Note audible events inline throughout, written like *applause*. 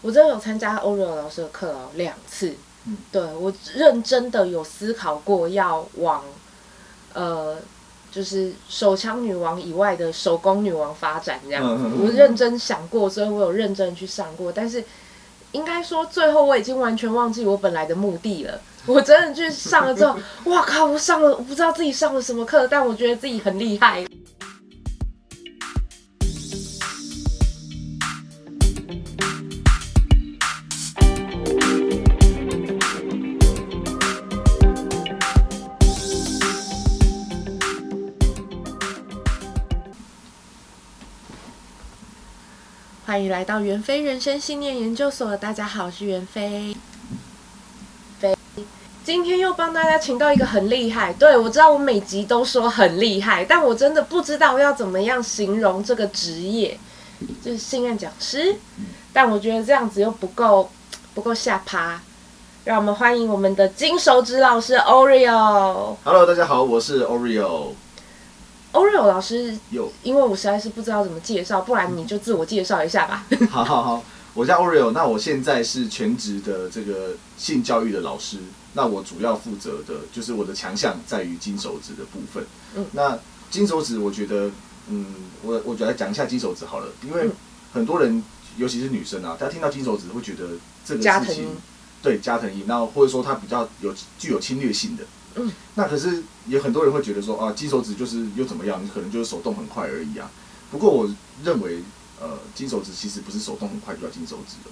我真的有參加 Oreo 老師的課哦、喔，兩次。嗯，對，我認真的有思考過要往，呃，就是手槍女王以外的手工女王發展這樣子。嗯嗯嗯。我認真想過，所以，我有認真的去上過。但是，應該說，最後我已經完全忘記我本來的目的了。我真的去上了之後， *laughs* 哇靠！我上了，我不知道自己上了什麼課，但我覺得自己很厲害。歡迎來到袁非人生信念研究所，大家好，我是袁非非。今天又幫大家請到一個很厲害，對，我知道我每集都說很厲害，但我真的不知道我要怎麼樣形容這個職業，就是性愛講師。但我覺得這樣子又不夠不夠下趴，讓我們歡迎我們的金手指老師 Oreo。Hello，大家好，我是 Oreo。Oreo 老師有，Yo, 因為我實在是不知道怎麼介紹，不然你就自我介紹一下吧。 *laughs* 好，好，好，我叫 Oreo，那我現在是全職的這個性教育的老師，那我主要負責的就是我的強項在於金手指的部分。嗯，那金手指，我覺得，嗯，我我主要講一下金手指好了，因為很多人，尤其是女生啊，她聽到金手指會覺得這個事情，對，加藤鷹，那或者說她比較有具有侵略性的。嗯、那可是有很多人會覺得說啊，金手指就是又怎麼樣？你可能就是手動很快而已啊。不過我認為，呃，金手指其實不是手動很快就叫金手指的。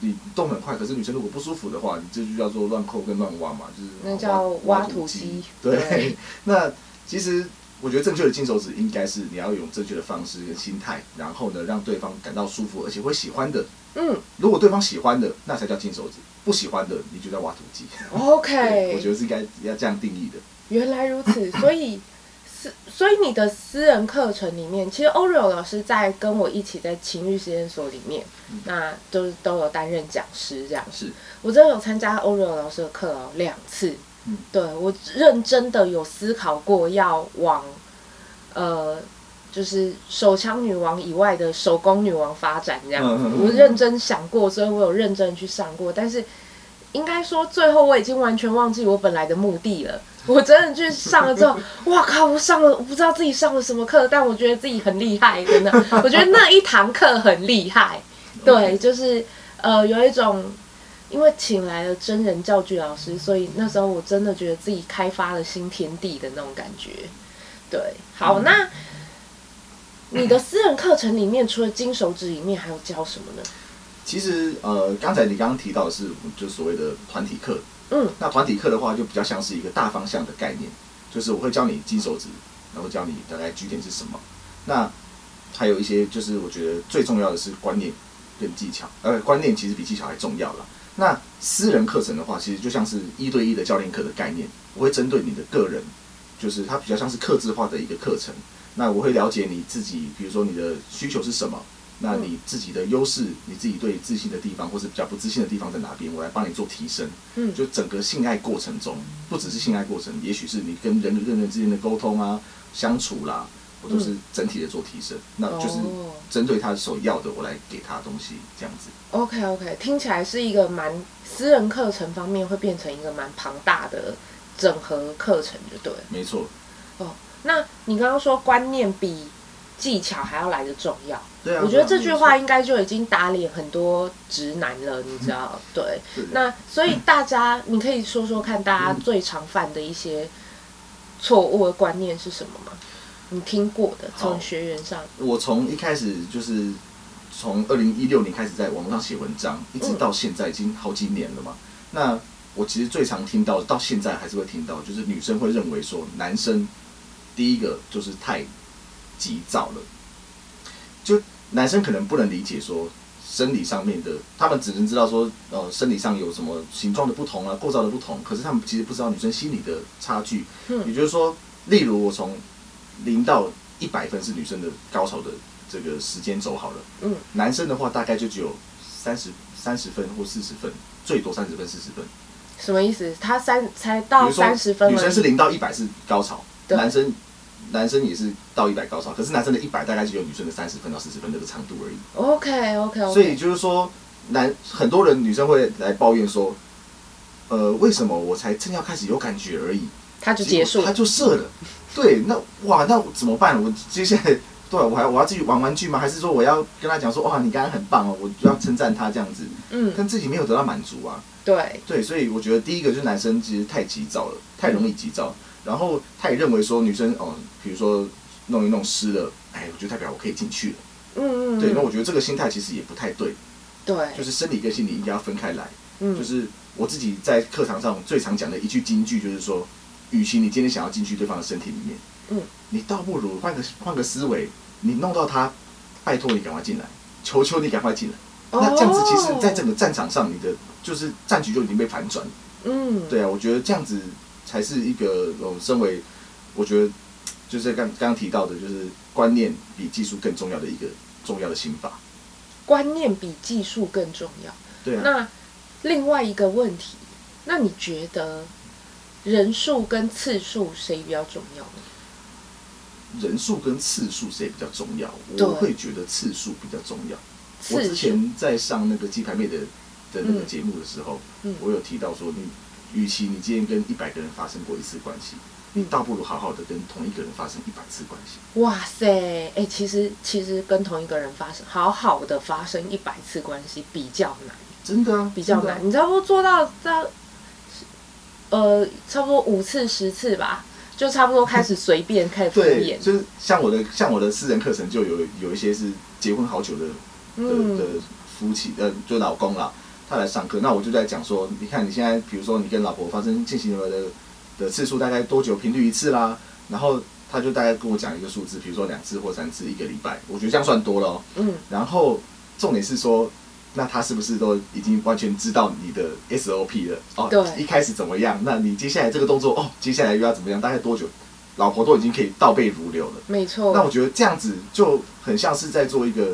你動很快，可是女生如果不舒服的話，你這就叫做亂扣跟亂挖嘛，就是。那叫挖土機。對。那其實我覺得正確的金手指應該是你要用正確的方式跟心態，然後呢，讓對方感到舒服而且會喜歡的。嗯。如果對方喜歡的，那才叫金手指。不喜歡的，你就在挖土機，okay。 *laughs* OK，我覺得是應該要這樣定義的。原來如此， *laughs* 所以所以你的私人課程裡面，其實 Oreo 老師在跟我一起在情慾實驗所裡面、嗯，那就是都有擔任講師這樣。是我真的有參加 Oreo 老師的課哦，兩次。嗯、對，我認真的有思考過要往呃。就是手槍女王以外的手工女王發展這樣，嗯嗯嗯，我認真想過，所以我有認真去上過。但是應該說，最後我已經完全忘記我本來的目的了。我真的去上了之後， *laughs* 哇靠！我上了，我不知道自己上了什麼課，但我覺得自己很厲害。真的，我覺得那一堂課很厲害。 *laughs* 對，就是呃，有一種因為請來了真人教具老師，所以那時候我真的覺得自己開發了新天地的那種感覺。對，好、嗯、那。你的私人課程裡面、嗯，除了金手指裡面，還要教什麼呢？其實，呃，剛才你剛剛提到的是，就所謂的團體課。嗯，那團體課的話，就比較像是一個大方向的概念，就是我會教你金手指，然後教你大概 G 點是什麼。那還有一些，就是我覺得最重要的是觀念跟技巧，呃，觀念其實比技巧還重要了。那私人課程的話，其實就像是一對一的教練課的概念，我會針對你的個人，就是它比較像是客製化的一個課程。那我會了解你自己，比如說你的需求是什麼，那你自己的優勢，你自己對自信的地方，或是比較不自信的地方在哪邊，我來幫你做提升。嗯，就整個性愛過程中、嗯，不只是性愛過程，也許是你跟人與人，人之間的溝通啊、相處啦、啊，我都是整體的做提升、嗯。那就是針對他所要的，我來給他的東西這樣子。OK OK，聽起來是一個蠻私人課程方面會變成一個蠻龐大的整合課程，就對。沒錯。哦、oh.。那你剛剛說，觀念比技巧還要來得重要，我覺得這句話應該就已經打臉很多直男了，你知道？對。那所以大家，你可以說說看，大家最常犯的一些錯誤的觀念是什麼嗎？你聽過的從學員上，我從一開始就是從二零一六年開始在網絡上寫文章，一直到現在已經好幾年了嘛。那我其實最常聽到的，到現在還是會聽到，就是女生會認為說男生。第一個就是太急躁了，就男生可能不能理解說生理上面的，他們只能知道說呃生理上有什麼形狀的不同啊，構造的不同，可是他們其實不知道女生心理的差距。嗯，也就是說，例如我從零到一百分是女生的高潮的這個時間軸好了，嗯，男生的話大概就只有三十三十分或四十分，最多三十分四十分。什麼意思？他三才到三十分，女生是零到一百是高潮，男生。男生也是到一百高潮，可是男生的一百大概只有女生的三十分到四十分那個長度而已。OK OK OK。所以就是說，男很多人女生會來抱怨說，呃，為什麼我才正要開始有感覺而已，他就結束了，結他就射了、嗯。對，那哇，那怎麼辦？我接下來對我還我要繼續玩玩具嗎？還是說我要跟他講說，哇，你剛剛很棒哦，喔，我就要稱讚他這樣子。嗯，但自己沒有得到滿足啊。對對，所以我覺得第一個就是男生其實太急躁了，太容易急躁。嗯然後他也認為說女生哦，比如說弄一弄濕了，哎，我覺得代表我可以進去了。嗯嗯。對，那我覺得這個心態其實也不太對。對。就是生理跟心理應該要分開來。嗯。就是我自己在課堂上最常講的一句金句，就是說，與其你今天想要進去對方的身體裡面，嗯，你倒不如換個換個思維，你弄到他，拜托你趕快進來，求求你趕快進來。哦。那這樣子，其實在整個戰場上，你的就是戰局就已經被反轉。嗯。對啊，我覺得這樣子。才是一個，我們身為，我覺得，就是剛剛提到的，就是觀念比技術更重要的一個重要的心法。觀念比技術更重要。對啊。那另外一個問題，那你覺得人數跟次數誰比，比較重要呢？人數跟次數誰比較重要？我會覺得次數比較重要。我之前在上那個雞排妹的的那個節目的時候、嗯嗯，我有提到說你。與其你今天跟一百個人發生過一次關係，你倒不如好好的跟同一個人發生一百次關係。哇塞，哎、欸，其實其實跟同一個人發生好好的發生一百次關係比較難，真的啊，比較難。啊、你知道不？做到在，呃，差不多五次十次吧，就差不多開始隨便開始敷衍。就是像我的像我的私人課程就有有一些是結婚好久的的的夫妻，嗯，呃，就老公啦。他來上課，那我就在講說，你看你現在，比如說你跟老婆發生性行為的的次數，大概多久頻率一次啦？然後他就大概跟我講一個數字，比如說兩次或三次，一個禮拜，我覺得這樣算多了喔。嗯。然後重點是說，那他是不是都已經完全知道你的 SOP 了？哦，對。一開始怎麼樣？那你接下來這個動作，哦，接下來又要怎麼樣？大概多久？老婆都已經可以倒背如流了。沒錯。那我覺得這樣子就很像是在做一個，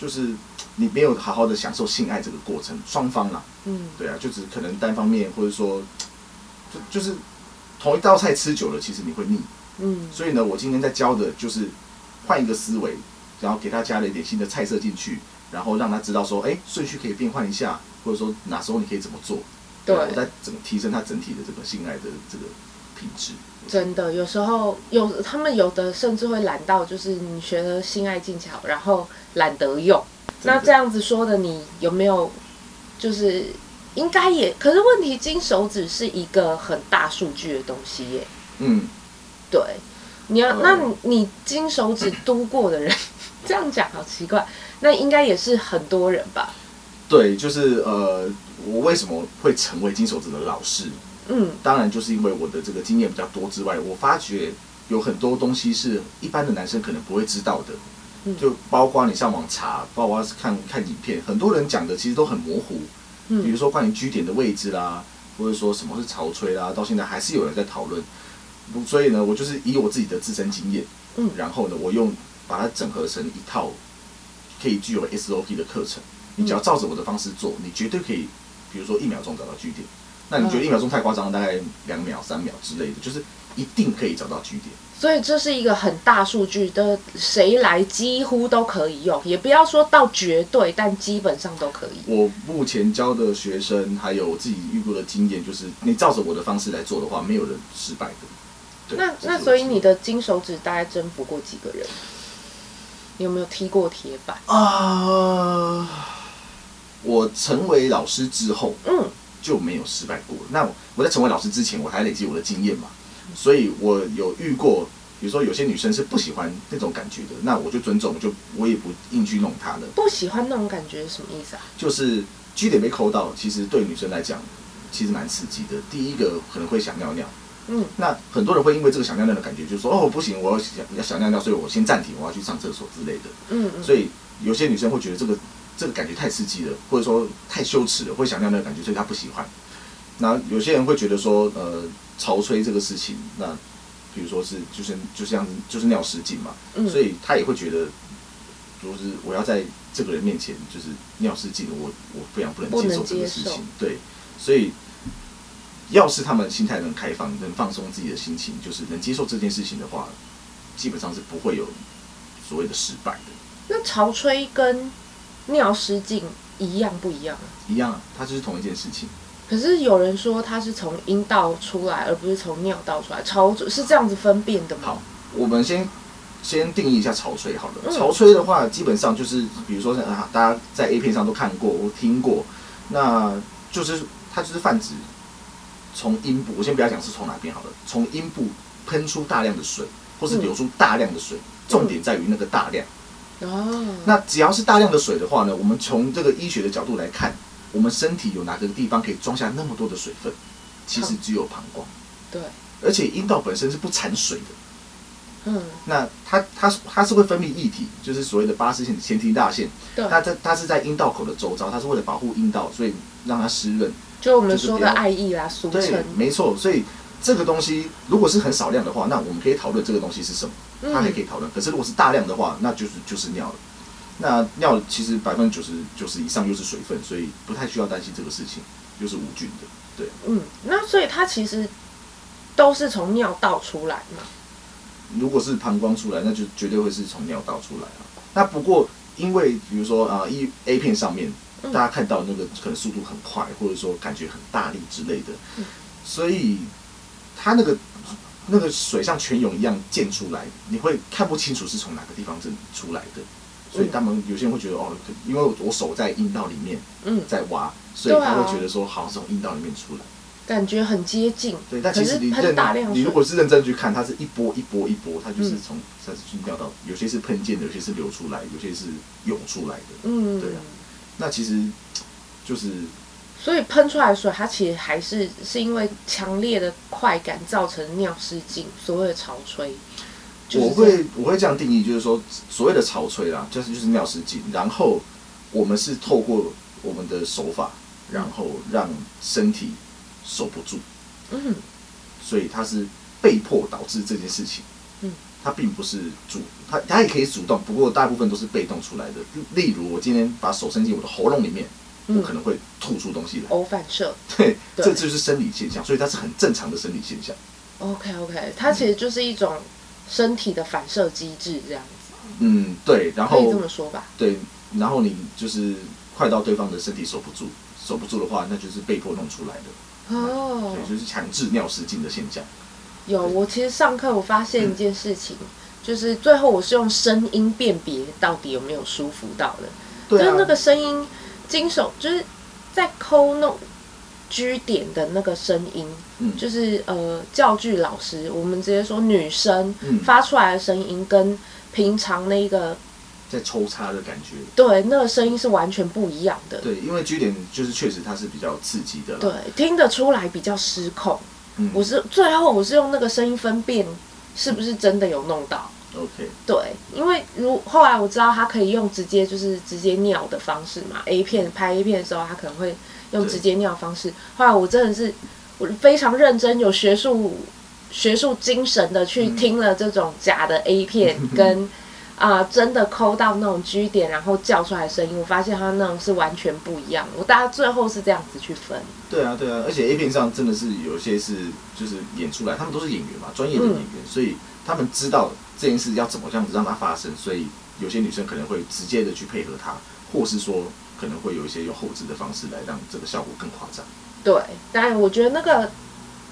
就是。你沒有好好的享受性愛這個過程，雙方啦。嗯，對啊，就只可能單方面，或者說，就就是同一道菜吃久了，其實你會膩。嗯，所以呢，我今天在教的就是換一個思維，然後給他加了一點新的菜色進去，然後讓他知道說，哎，順序可以變換一下，或者說哪時候你可以怎麼做，對，再怎麼提升他整體的這個性愛的這個品質。真的，有時候有他們有的甚至會懶到，就是你學了性愛技巧，然後懶得用。那這樣子說的，你有沒有？就是應該也，可是問題，金手指是一個很大數據的東西耶。嗯，對。你要、呃、那，你金手指讀過的人，呃、這樣講好奇怪。那應該也是很多人吧？對，就是呃，我為什麼會成為金手指的老師？嗯，當然就是因為我的這個經驗比較多之外，我發覺有很多東西是一般的男生可能不會知道的。就包括你上網查，包括看看影片，很多人講的其實都很模糊。嗯。比如說關於據點的位置啦，或者說什麼是潮吹啦，到現在還是有人在討論。所以呢，我就是以我自己的自身經驗，嗯，然後呢，我用把它整合成一套可以具有 SOP 的課程。嗯。你只要照着我的方式做，你絕對可以，比如說一秒鐘找到據點。那你覺得一秒鐘太誇張，大概兩秒、三秒之類的，嗯，就是一定可以找到據點。所以這是一個很大數據的，誰來幾乎都可以用，也不要說到絕對，但基本上都可以。我目前教的學生，還有自己遇過的經驗，就是你照着我的方式來做的話，沒有人失敗的。那那所以你的金手指大概征服過幾個人？有沒有踢過鐵板啊？呃，我成為老師之後，嗯，就沒有失敗過。那我在成為老師之前，我還累積我的經驗嘛。所以我有遇過，比如說有些女生是不喜歡那種感覺的，那我就尊重，我就我也不硬去弄她了。不喜歡那種感覺是什麼意思啊？就是 G 點被摳到，其實對女生來講，其實蠻刺激的。第一個可能會想尿尿，嗯，那很多人會因為這個想尿尿的感覺，就是說哦不行，我要想要想尿尿，所以我先暫停，我要去上廁所之類的。嗯嗯。所以有些女生會覺得這個這個感覺太刺激了，或者說太羞恥了，會想尿尿的感覺，所以她不喜歡。那有些人會覺得說，呃，潮吹這個事情，那比如說是就是就像就是尿失禁嘛。嗯，，所以他也會覺得，就是我要在這個人面前就是尿失禁，我我非常不能接受這個事情。對，所以要是他們心態能開放，能放鬆自己的心情，就是能接受這件事情的話，基本上是不會有所謂的失敗的。那潮吹跟尿失禁一樣不一樣？一樣啊，它就是同一件事情。可是有人說它是從陰道出來，而不是從尿道出來。潮吹是這樣子分辨的嗎？好，我們先先定義一下潮吹好了。嗯、潮吹的話，基本上就是比如說像、啊、大家在 A 片上都看過，我聽過，那就是它就是泛指從陰部，我先不要講是從哪邊好了，從陰部噴出大量的水，或是流出大量的水，嗯、重點在於那個大量。哦、嗯。那只要是大量的水的話呢，我們從這個醫學的角度來看。我們身體有哪個地方可以裝下那麼多的水分？其實只有膀胱。嗯、對。而且陰道本身是不產水的。嗯。那它它它是會分泌液體，就是所謂的巴氏腺、前庭大腺。它它它是在陰道口的周遭，它是為了保護陰道，所以讓它濕潤。就我們說的愛意啦，俗稱。沒錯。所以這個東西如果是很少量的話，那我們可以討論這個東西是什麼，嗯、它還可以討論。可是如果是大量的話，那就是就是尿了。那尿其實百分之九十九十以上又是水分，所以不太需要擔心這個事情，又、就是無菌的，對。嗯，那所以它其實都是從尿道出來嘛。如果是膀胱出來，那就絕對會是從尿道出來啊。那不過因為比如說啊，一、呃、A 片上面、嗯、大家看到那個可能速度很快，或者說感覺很大力之類的，嗯、所以它那個那個水像泉湧一樣濺出來，你會看不清楚是從哪個地方這裡出來的。所以他們有些人會覺得、嗯、哦，因為我我手在陰道裡面，在挖、嗯，所以他會覺得說好像是從陰道裡面出來，感覺很接近。對，但其實你認大量你如果是認真去看，它是一波一波一波，它就是從它是尿道、嗯、有些是噴濺的，有些是流出來，有些是湧出來的。嗯，對啊。那其實就是，所以噴出來的水，它其實還是是因為強烈的快感造成尿失禁，所謂的潮吹。就是、我會我會這樣定義就、啊，就是說所謂的潮吹啦，就是就是尿失禁，然後我們是透過我們的手法，嗯、然後讓身體受不住，嗯，所以它是被迫導致這件事情，嗯，它並不是主，它它也可以主動，不過大部分都是被動出來的。例如我今天把手伸進我的喉嚨裡面、嗯，我可能會吐出東西來嘔反射對，對，這就是生理現象，所以它是很正常的生理現象。OK OK，它其實就是一種、嗯。身體的反射機制這樣子，嗯，對，然後可以這麼說吧，對，然後你就是快到對方的身體守不住，守不住的話，那就是被迫弄出來的哦，對，就是強制尿失禁的現象。有，我其實上課我發現一件事情，嗯，就是最後我是用聲音辨別到底有沒有舒服到的，對啊，就是那個聲音經手就是在摳弄。居點的那個聲音、嗯，就是呃，教具老師，我們直接說女生、嗯、發出來的聲音跟平常那個在抽插的感覺，對，那個聲音是完全不一樣的。對，因為居點就是確實它是比較刺激的，對，聽得出來比較失控。嗯、我是最後我是用那個聲音分辨是不是真的有弄到。OK，對，因為如後來我知道他可以用直接就是直接尿的方式嘛，A 片拍 A 片的時候他可能會。用直接尿的方式，後來我真的是，我非常認真有學術學術精神的去聽了這種假的 A 片，嗯、跟，啊、 *laughs* 呃、真的摳到那種 G 點然後叫出來的聲音，我發現它那種是完全不一樣的。我大家最後是這樣子去分。對啊對啊，而且 A 片上真的是有些是就是演出來，他們都是演員嘛，專業的演員，嗯、所以他們知道這件事要怎麼樣子讓它發生，所以有些女生可能會直接的去配合他，或是說。可能會有一些用後製的方式來讓這個效果更誇張。對，但我覺得那個，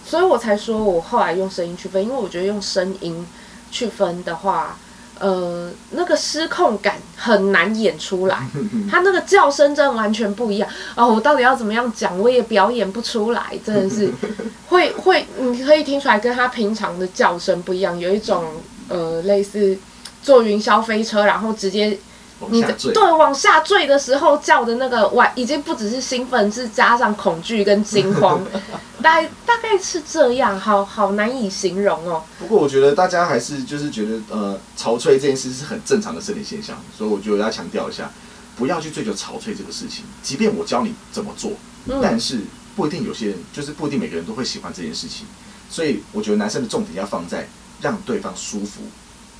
所以我才說，我後來用聲音區分，因為我覺得用聲音去分的話，呃，那個失控感很難演出來。他 *laughs* 那個叫聲真的完全不一樣啊！哦，我到底要怎麼樣講，我也表演不出來，真的是會會，你可以聽出來跟他平常的叫聲不一樣，有一種呃類似坐雲霄飛車，然後直接。往下墜。對，往下墜的時候叫的那個哇，已經不只是興奮，是加上恐懼跟驚慌， *laughs* 大概大概是這樣，好好難以形容哦。不過我覺得大家還是就是覺得呃，潮吹這件事是很正常的生理現象，所以我就要強調一下，不要去追求潮吹這個事情。即便我教你怎麼做，但是不一定，有些人就是，不一定每個人都會喜歡這件事情，所以我覺得男生的重點要放在讓對方舒服，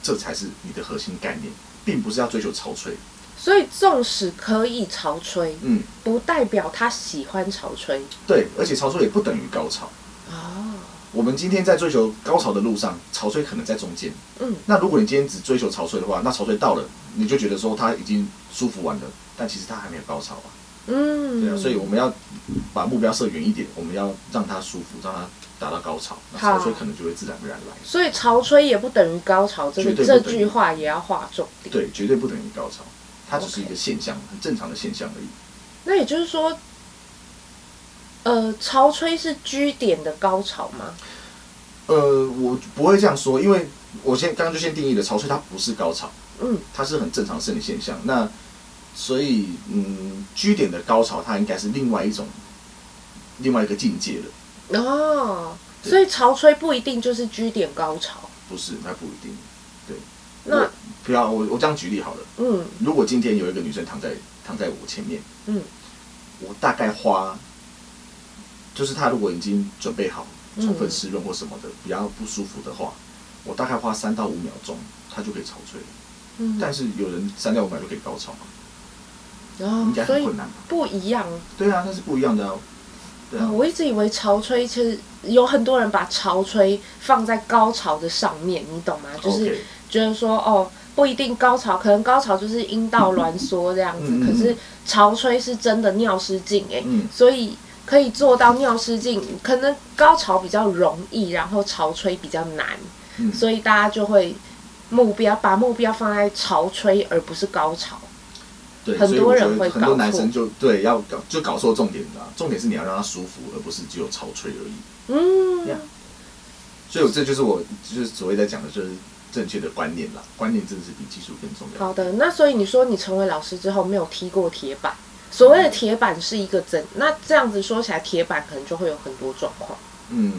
這才是你的核心概念。並不是要追求潮吹，所以縱使可以潮吹，嗯，不代表他喜歡潮吹。對，而且潮吹也不等於高潮啊。哦，我們今天在追求高潮的路上，潮吹可能在中間。嗯，那如果你今天只追求潮吹的話，那潮吹到了，你就覺得說他已經舒服完了，但其實他還沒有高潮啊。嗯，對啊，所以我們要把目標設遠一點，我們要讓他舒服，讓他。達到高潮，那潮吹可能就會自然而然來。所以潮吹也不等於高潮，這個、這句話也要劃重點。對，絕對不等於高潮，它只是一個現象，okay. 很正常的現象而已。那也就是說，呃，潮吹是 G 點的高潮嗎、嗯？呃，我不會這樣說，因為我先剛剛就先定義了潮吹，它不是高潮，嗯，它是很正常生理現象。那所以，嗯，G 點的高潮，它應該是另外一種，另外一個境界的。哦、oh,，所以潮吹不一定就是 G 點高潮，不是，那不一定，對。那不要我我這樣舉例好了，嗯，如果今天有一個女生躺在躺在我前面，嗯，我大概花，就是她如果已經準備好充分濕潤或什麼的、嗯、比較不舒服的話，我大概花三到五秒鐘，她就可以潮吹，嗯，但是有人三到五秒就可以高潮嗎？然、oh, 後、啊、應該很困難吧。所以不一樣，對啊，那是不一樣的、啊。嗯，我一直以為潮吹其實有很多人把潮吹放在高潮的上面，你懂嗎？Okay. 就是覺得說哦，不一定高潮，可能高潮就是陰道攣縮這樣子， *laughs* 可是潮吹是真的尿失禁誒， *laughs* 所以可以做到尿失禁，可能高潮比較容易，然後潮吹比較難， *laughs* 所以大家就會目標把目標放在潮吹而不是高潮。很多人會很多男生就對要搞就搞錯重點啦，重點是你要讓他舒服，而不是只有潮吹而已。嗯。Yeah. 所以這就是我就是所謂在講的就是正確的觀念啦，觀念真的是比技術更重要。好的，那所以你說你成為老師之後沒有踢過鐵板，所謂的鐵板是一個針，嗯，那這樣子說起來鐵板可能就會有很多狀況。嗯，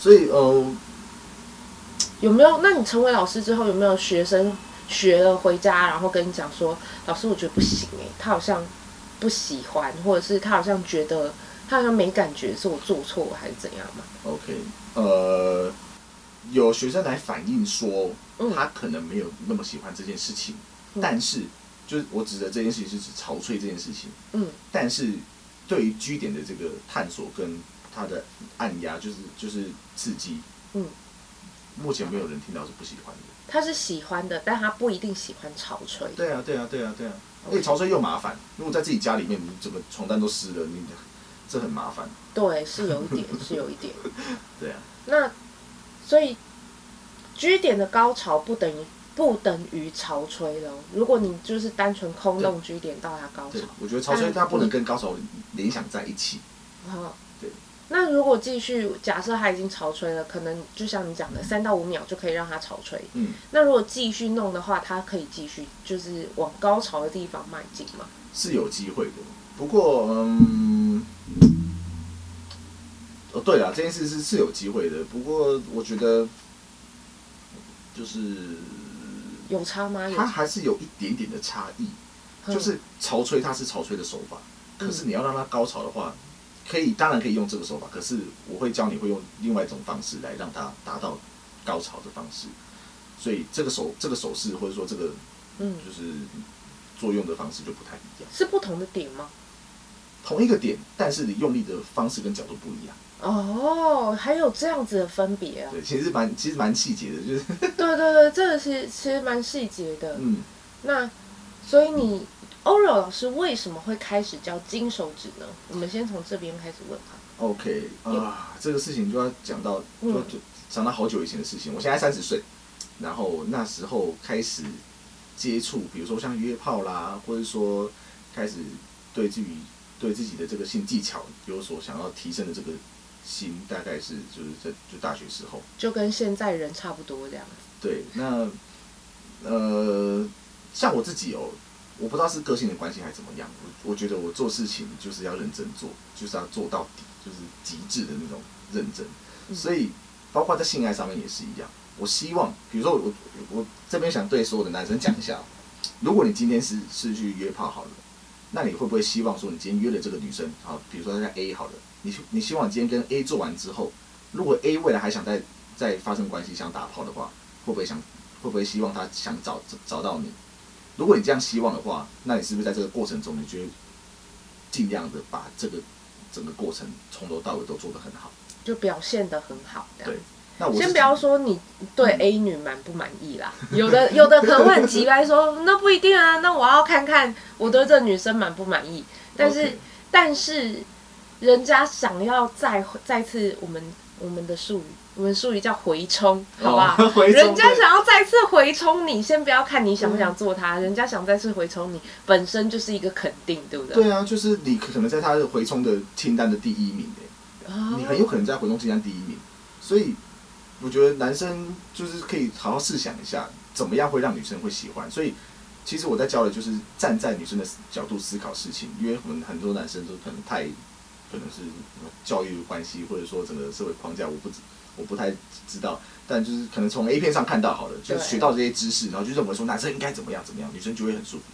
所以哦，有沒有？那你成為老師之後有沒有學生？學了回家，然後跟你講說，老師，我覺得不行哎、欸，他好像不喜歡，或者是他好像覺得他好像沒感覺，是我做錯還是怎樣嘛？OK，呃，有學生來反映說，他可能沒有那麼喜歡這件事情，嗯、但是就是我指的這件事情是指潮吹這件事情，嗯，但是對於 G 點的這個探索跟他的按壓，就是就是刺激，嗯。目前沒有人聽到是不喜歡的，他是喜歡的，但他不一定喜歡潮吹。對啊，對啊，對啊，對啊，okay. 因為潮吹又麻煩。如果在自己家裡面，你整個床單都濕了，你這很麻煩。對，是有一點， *laughs* 是有一點。 *laughs* 對啊。那所以，G 點的高潮不等於不等於潮吹了。如果你就是單純空洞 G 點到達高潮對，我覺得潮吹他不能跟高潮聯想在一起。好、嗯。那如果繼續假設他已經潮吹了，可能就像你講的，三、嗯、到五秒就可以讓他潮吹。嗯，那如果繼續弄的話，它可以繼續就是往高潮的地方邁進嗎？是有機會的，不過嗯，哦對啦，這件事是是有機會的，不過我覺得就是有差嗎？它還是有一點點的差異、嗯。就是潮吹它是潮吹的手法，可是你要讓它高潮的話。可以，當然可以用這個手法，可是我會教你會用另外一種方式來讓它達到高潮的方式。所以這個手這個手勢或者說這個嗯，就是作用的方式就不太一樣。是不同的點嗎？同一個點，但是你用力的方式跟角度不一樣。哦，還有這樣子的分別啊！對，其實蠻其實蠻細節的，就是。對對對，這個其實其實蠻細節的。嗯，那所以你。嗯 Oreo 老師為什麼會開始教金手指呢？我們先從這邊開始問他。OK 啊、呃，這個事情就要講到，就就講到好久以前的事情。嗯、我現在三十歲，然後那時候開始接觸，比如說像約炮啦，或者說開始對自己對自己的這個性技巧有所想要提升的這個心，大概是就是在就大學時候，就跟現在人差不多這樣子。對，那呃，像我自己哦、喔。我不知道是個性的關係還是怎麼樣，我我覺得我做事情就是要認真做，就是要做到底，就是極致的那種認真。所以，包括在性愛上面也是一樣。我希望，比如說我我這邊想對所有的男生講一下，如果你今天是是去約炮好了，那你會不會希望說，你今天約了這個女生好、啊，比如說在 A 好了，你你希望今天跟 A 做完之後，如果 A 未來還想再再發生關係，想打炮的話，會不會想會不會希望他想找找到你？如果你這樣希望的話，那你是不是在這個過程中，你就盡量的把這個整個過程從頭到尾都做得很好，就表現得很好。對，那我先不要說你對 A 女滿不滿意啦，嗯、有的有的可能很急，來說 *laughs* 那不一定啊，那我要看看我對這女生滿不滿意，但是、okay. 但是人家想要再再次我們我們的術語。我們術語叫回衝、哦，好不好？人家想要再次回衝你，先不要看你想不想做他，嗯、人家想再次回衝你，本身就是一個肯定，對不對？對啊，就是你可能在他的回衝的清單的第一名，哦、你很有可能在回衝清單第一名，所以我覺得男生就是可以好好試想一下，怎麼樣會讓女生會喜歡。所以其實我在教的，就是站在女生的角度思考事情，因為我們很多男生都可能太，可能是教育關係，或者說整個社會框架，我不。我不太知道，但就是可能從 A 片上看到好了，就是、學到這些知識，然後就認為說男生應該怎麼樣怎麼樣，女生就會很舒服。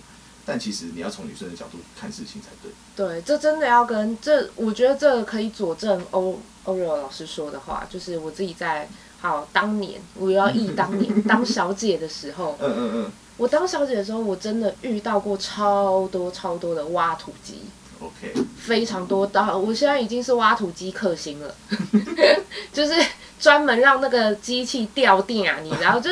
但其實你要從女生的角度看事情才對。對，這真的要跟這，我覺得這可以佐證 Oreo 老師說的話，就是我自己在好當年，我要憶當年 *laughs* 當小姐的時候，嗯嗯嗯，我當小姐的時候，我真的遇到過超多超多的挖土機，OK，非常多到我現在已經是挖土機克星了， *laughs* 就是。專門讓那個機器掉電啊！你然後就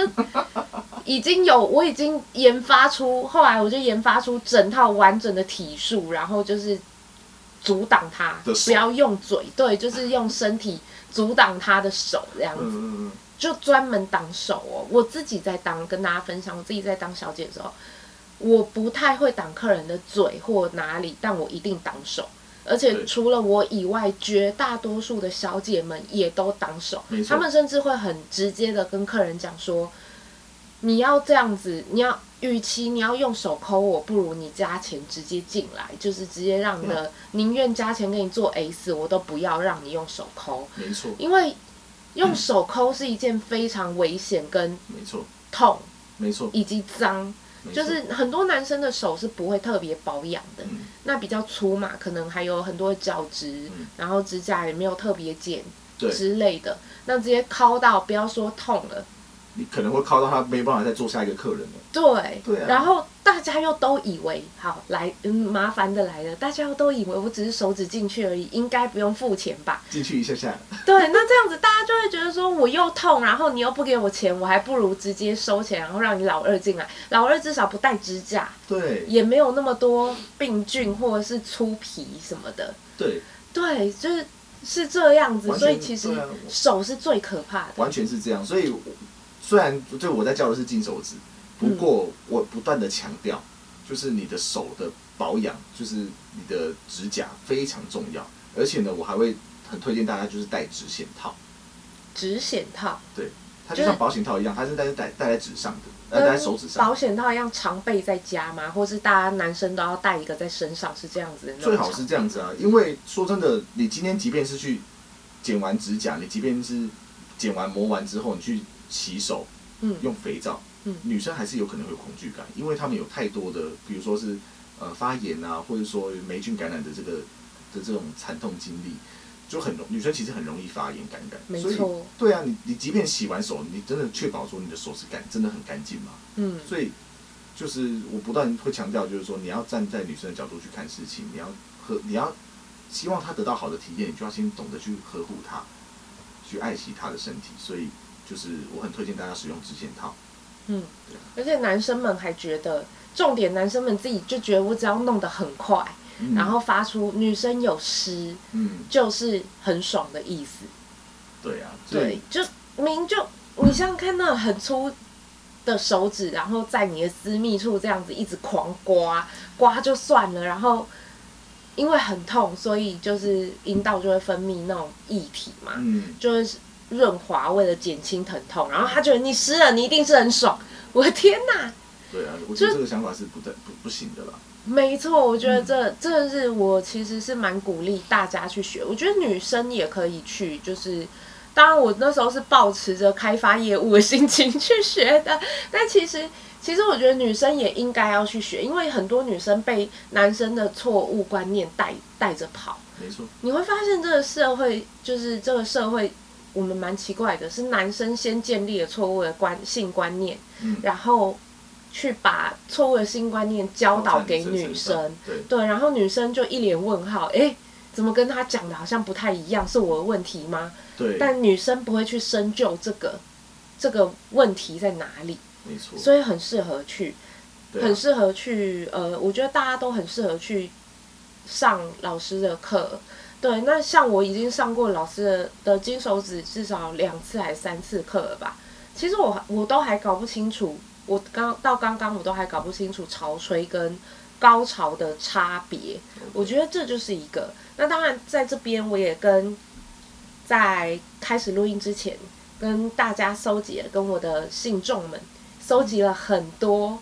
已經有，我已經研發出，後來我就研發出整套完整的體術，然後就是阻擋他，不要用嘴，對，就是用身體阻擋他的手這樣子，嗯、就專門擋手哦、喔。我自己在當，跟大家分享，我自己在當小姐的時候，我不太會擋客人的嘴或哪裡，但我一定擋手。而且除了我以外，絕大多數的小姐們也都擋手，他們甚至會很直接的跟客人講說，你要這樣子，你要，與其你要用手摳我，不如你加錢直接進來，就是直接讓的，寧、嗯、願加錢給你做 S，我都不要讓你用手摳，沒錯，因為用手摳是一件非常危險、嗯、跟，沒錯，痛，沒錯，以及髒。就是很多男生的手是不會特別保養的、嗯，那比較粗嘛，可能還有很多角質、嗯，然後指甲也沒有特別剪之類的，那直接摳到，不要說痛了。你可能會靠到他沒辦法再做下一個客人了。對，對、啊。然後大家又都以為，好來，嗯，麻煩的來了，大家都以為我只是手指進去而已，應該不用付錢吧？進去一下下。對， *laughs* 那這樣子大家就會覺得說，我又痛，然後你又不給我錢，我還不如直接收錢，然後讓你老二進來，老二至少不帶指甲，對，也沒有那麼多病菌，或者是粗皮什麼的。對，對，就是是這樣子，所以其實、啊、手是最可怕的，完全是這樣，所以。雖然就我在教的是金手指，不過我不斷的強調、嗯，就是你的手的保養，就是你的指甲非常重要。而且呢，我還會很推薦大家，就是戴指險套。指險套，對，它就像保險套一樣，就是、它是戴在戴在指上的，戴、呃、在手指上。保險套一樣常備在家嗎？或是大家男生都要戴一個在身上？是這樣子的？最好是這樣子啊、嗯。因為說真的，你今天即便是去剪完指甲，你即便是剪完磨完之後，你去。洗手，嗯，用肥皂嗯，嗯，女生還是有可能會有恐懼感，因為她們有太多的，比如說是，呃，發炎啊，或者說黴菌感染的這個的這種慘痛經歷，就很容女生其實很容易發炎感染，所以對啊，你你即便洗完手，你真的確保說你的手是乾，真的很乾淨嘛。嗯，所以就是我不斷會強調，就是說你要站在女生的角度去看事情，你要和你要希望她得到好的體驗，你就要先懂得去呵護她，去愛惜她的身體，所以。就是我很推薦大家使用指險套。嗯，對。而且男生們還覺得，重點男生們自己就覺得我只要弄得很快，嗯、然後發出女生有濕、嗯，就是很爽的意思。對啊，對，對就明就你像看那很粗的手指，然後在你的私密處這樣子一直狂刮刮就算了，然後因為很痛，所以就是陰道就會分泌那種液體嘛，嗯，就是。潤滑，為了減輕疼痛，然後他覺得你濕了，你一定是很爽。我的天哪！對啊，我覺得這個想法是不對不不行的啦。沒錯，我覺得這、嗯、這個、是我其實是蠻鼓勵大家去學。我覺得女生也可以去，就是當然我那時候是抱持着開發業務的心情去學的。但其實，其實我覺得女生也應該要去學，因為很多女生被男生的錯誤觀念帶帶着跑。沒錯，你會發現這個社會就是這個社會。我們蠻奇怪的，是男生先建立了錯誤的觀性觀念，嗯，然後去把錯誤的性觀念教導給女生，哦、在女生身上，對，對，然後女生就一臉問號，哎，怎麼跟他講的好像不太一樣？是我的問題嗎？對，但女生不會去深究這個這個問題在哪裡，沒錯，所以很適合去、啊，很適合去，呃，我覺得大家都很適合去上老師的課。對，那像我已經上過老師的的金手指至少兩次還是三次課了吧？其實我我都還搞不清楚，我剛到剛剛我都還搞不清楚潮吹跟高潮的差別。我覺得這就是一個。那當然，在這邊我也跟在開始錄音之前，跟大家收集了，跟我的信眾們收集了很多。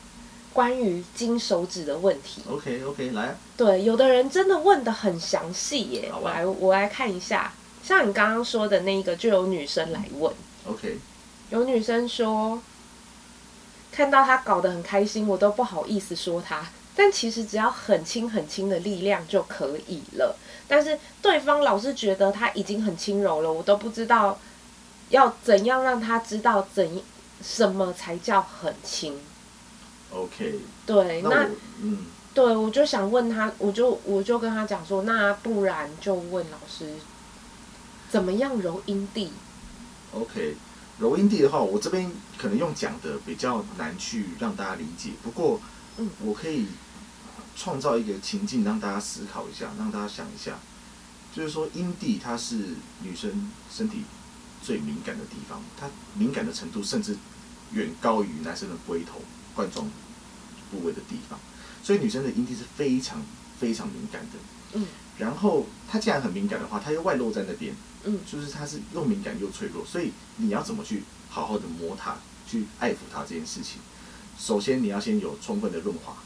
關於金手指的問題。OK，OK，okay, okay, 來啊。對，有的人真的問得很詳細耶。我來，我來看一下。像你剛剛說的那一個，就有女生來問。OK。有女生說，看到他搞得很開心，我都不好意思說他。但其實只要很輕很輕的力量就可以了。但是對方老是覺得他已經很輕柔了，我都不知道要怎樣讓他知道怎什麼才叫很輕。OK，對，那我，那，嗯，對，我就想問他，我就我就跟他講說，那不然就問老師，怎麼樣揉陰蒂？OK，揉陰蒂的話，我這邊可能用講的比較難去讓大家理解，不過，嗯，我可以創造一個情境讓大家思考一下，讓大家想一下，就是說陰蒂它是女生身體最敏感的地方，它敏感的程度甚至遠高於男生的龜頭、冠狀部位的地方，所以女生的陰蒂是非常非常敏感的。嗯，然後她既然很敏感的話，她又外露在那邊，嗯，就是她是又敏感又脆弱，所以你要怎麼去好好的摸它，去愛撫它這件事情，首先你要先有充分的潤滑，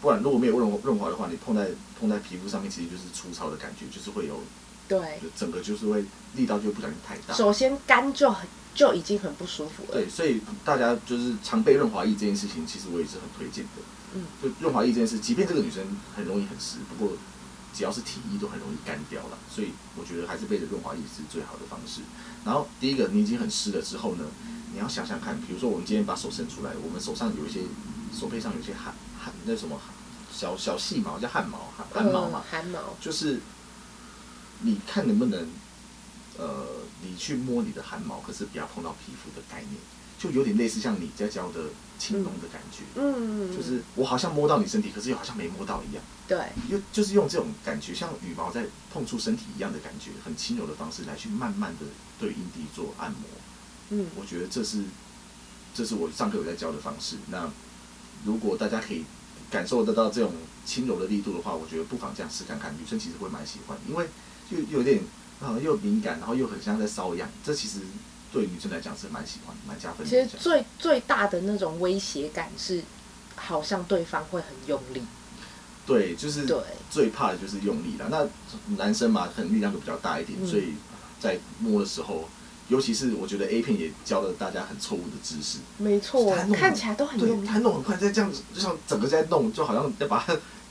不然如果沒有潤潤滑的話，你碰在碰在皮膚上面，其實就是粗糙的感覺，就是會有對，整個就是會力道就不敢太大。首先乾就很。就已經很不舒服了。對，所以大家就是常備潤滑液這件事情，其實我也是很推薦的。嗯，就潤滑液這件事，即便這個女生很容易很濕，不過只要是體液都很容易乾掉了，所以我覺得還是備着潤滑液是最好的方式。然後第一個，你已經很濕了之後呢，你要想想看，比如說我們今天把手伸出來，我們手上有一些手背上有一些汗汗，汗，那什麼小小細毛叫汗毛汗毛嘛，汗毛、哦、汗毛，就是你看能不能呃。你去摸你的汗毛，可是不要碰到皮膚的概念，就有點類似像你在教的輕柔的感覺，嗯嗯，嗯，就是我好像摸到你身體，可是又好像沒摸到一樣，對，就就是用這種感覺，像羽毛在碰觸身體一樣的感覺，很輕柔的方式來去慢慢的對陰蒂做按摩，嗯，我覺得這是這是我上課有在教的方式。那如果大家可以感受得到這種輕柔的力度的話，我覺得不妨這樣試看看。女生其實會蠻喜歡，因為就有點。呃、啊，又敏感，然後又很像在瘙癢，這其實對於女生來講是蠻喜歡的、蠻加分的。其實最最大的那種威脅感是，好像對方會很用力。對，就是對，最怕的就是用力了。那男生嘛，可能力量會比較大一點、嗯，所以在摸的時候，尤其是我覺得 A 片也教了大家很錯誤的知識。沒錯，我看起來都很，他弄很快，在這樣子，就像整個在弄，就好像要把。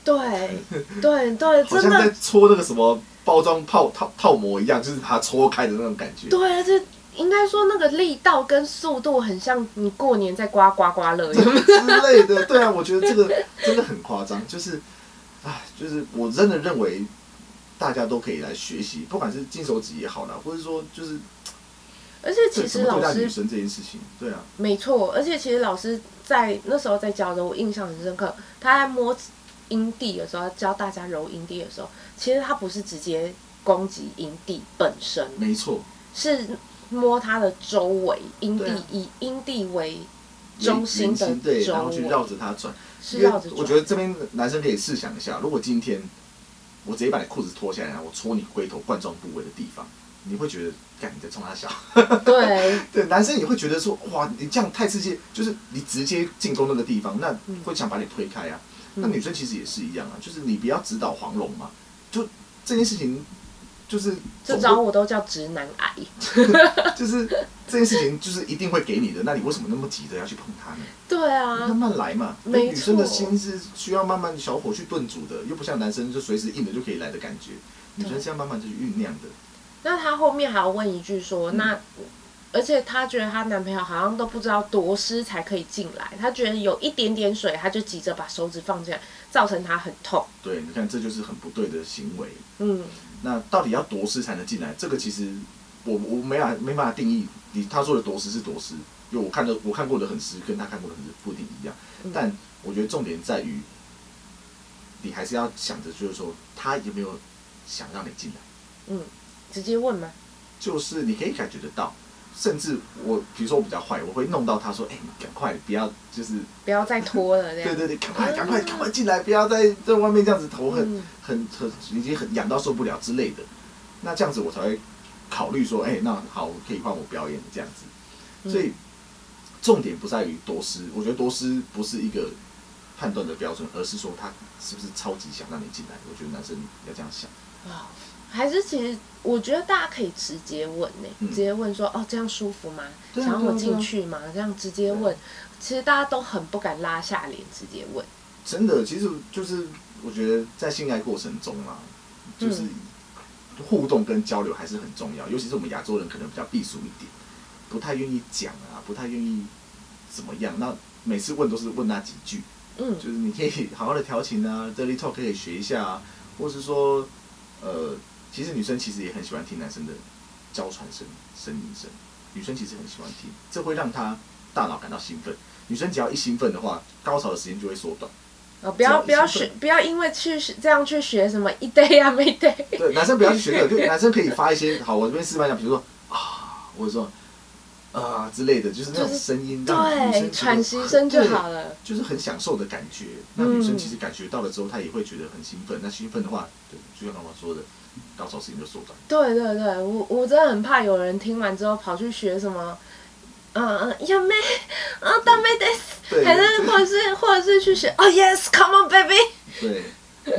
對對對，真的， *laughs* 好像在搓那個什麼包裝泡泡泡膜，一樣就是它搓開的那種感覺。對，這應該說那個力道跟速度很像，你過年在刮刮刮樂 *laughs* 之類的。對啊，我覺得這個 *laughs* 真的很誇張，就是，哎，就是我真的認為大家都可以來學習，不管是金手指也好啦，或者說就是，而且其實老師，對待女神這件事情，對啊，沒錯。而且其實老師在那時候在教的，我印象很深刻，他還摸。陰蒂的時候，教大家揉陰蒂的時候，其實他不是直接攻擊陰蒂本身，沒錯，是摸它的周圍，陰蒂、啊、以陰蒂為中心的對，然後去繞着它轉。是繞着轉。我覺得這邊男生可以試想一下，如果今天我直接把你褲子脫下來，我搓你龜頭冠狀部位的地方，你會覺得，幹，你在衝他笑？ *laughs* 對。對，男生也會覺得說，哇，你這樣太直接，就是你直接進攻那個地方，那會想把你推開啊。嗯嗯、那女生其實也是一樣啊，就是你不要直搗黃龍嘛，就這件事情就，就是這招我都叫直男癌， *laughs* *laughs* 就是這件事情就是一定會給你的，那你為什麼那麼急着要去碰他呢？對啊，慢慢來嘛，女生的心是需要慢慢小火去燉煮的，又不像男生就隨時硬的就可以來的感覺，女生是要慢慢去醞釀的。那他後面還要問一句說、嗯、那。而且她覺得她男朋友好像都不知道多濕才可以進來，她覺得有一點點水，她就急着把手指放進來，造成她很痛。對，你看，這就是很不對的行為。嗯。那到底要多濕才能進來？這個其實我我沒法沒辦法定義。你他說的多濕是多濕，就我看的我看過的很濕，跟他看過的很濕不一定一樣，嗯。但我覺得重點在於，你還是要想着，就是說他有沒有想讓你進來。嗯，直接問嗎？就是你可以感覺得到。甚至我，比如說我比較壞，我會弄到他說：“哎、欸，你趕快不要，就是不要再拖了這樣。 *laughs* ”對對對，趕快趕快趕快進來，不要再在外面這樣子投，頭、嗯、很很很已經很癢到受不了之類的。那這樣子我才會考慮說：“哎、欸，那好，可以換我表演這樣子。”所以、嗯、重點不在於多濕，我覺得多濕不是一個判斷的標準，而是說他是不是超級想讓你進來。我覺得男生要這樣想、哦還是其實我覺得大家可以直接問呢、欸、嗯，直接問說哦，這樣舒服嗎？想讓我進去嗎？這樣直接問，其實大家都很不敢拉下臉直接問。真的，其實就是我覺得在性愛過程中嘛、啊，就是互動跟交流還是很重要。嗯、尤其是我們亞洲人可能比較避俗一點，不太願意講啊，不太願意怎麼樣。那每次問都是問那幾句，嗯，就是你可以好好的調情啊，dirty talk、嗯、可以學一下啊，或是說呃。其實女生其實也很喜歡聽男生的嬌喘聲，聲、呻吟聲。女生其實很喜歡聽，這會讓她大腦感到興奮。女生只要一興奮的話，高潮的時間就會縮短。哦，不要不要，不要學，不要因為去這樣去學什麼“一 day 啊，沒 day”。對，男生不要去學這個，就 *laughs* 男生可以發一些好，我這邊示範一下，比如說啊，我說啊、呃、之類的，就是那種聲音，就是、讓女生對，喘息聲就好了，就是很享受的感覺、嗯。那女生其實感覺到了之後，她也會覺得很興奮。那興奮的話，對，就像剛剛說的。到時候事情就縮短，對對對，我我真的很怕有人聽完之後跑去學什麼，嗯嗯呀妹啊大妹的，反正或者是或者是去學哦、oh,，Yes come on baby。對， *laughs*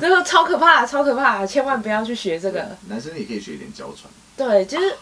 這個超可怕的，超可怕的，千萬不要去學這個。男生也可以學一點嬌喘。對，其、就、實、是、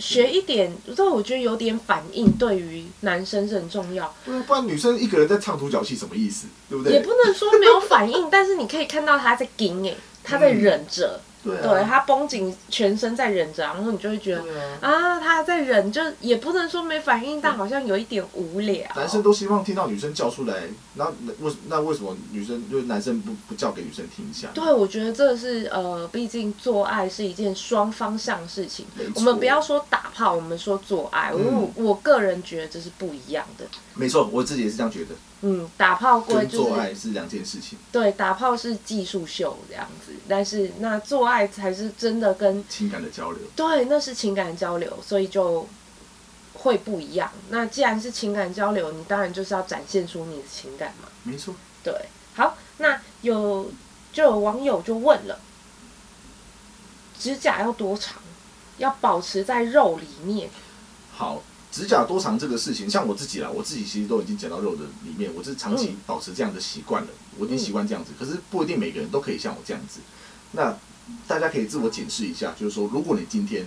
學一點，所以我覺得有點反應，對於男生是很重要。不然女生一個人在唱獨角戲，什麼意思？對不對？也不能說沒有反應， *laughs* 但是你可以看到他在給你、欸。他在忍着、嗯，對他、啊、繃緊全身在忍着，然後你就會覺得啊，他、啊、在忍，就也不能說沒反應、嗯，但好像有一點無聊。男生都希望聽到女生叫出來，那為那為什麼女生就是男生不不叫給女生聽一下？對，我覺得這是呃，畢竟做愛是一件雙方向的事情，我們不要說打炮，我們說做愛，我、嗯、我個人覺得這是不一樣的。沒錯，我自己也是這樣覺得。嗯，打炮、就是、跟做愛是兩件事情。對，打炮是技術秀這樣子，但是那做愛才是真的跟情感的交流。對，那是情感交流，所以就會不一樣。那既然是情感交流，你當然就是要展現出你的情感嘛。沒錯。對，好，那有就有網友就問了：指甲要多長？要保持在肉裡面。好。指甲多長這個事情，像我自己啦，我自己其實都已經剪到肉的裡面，我是長期保持這樣的習慣了、嗯，我已經習慣這樣子。可是不一定每個人都可以像我這樣子。那大家可以自我檢視一下，就是說，如果你今天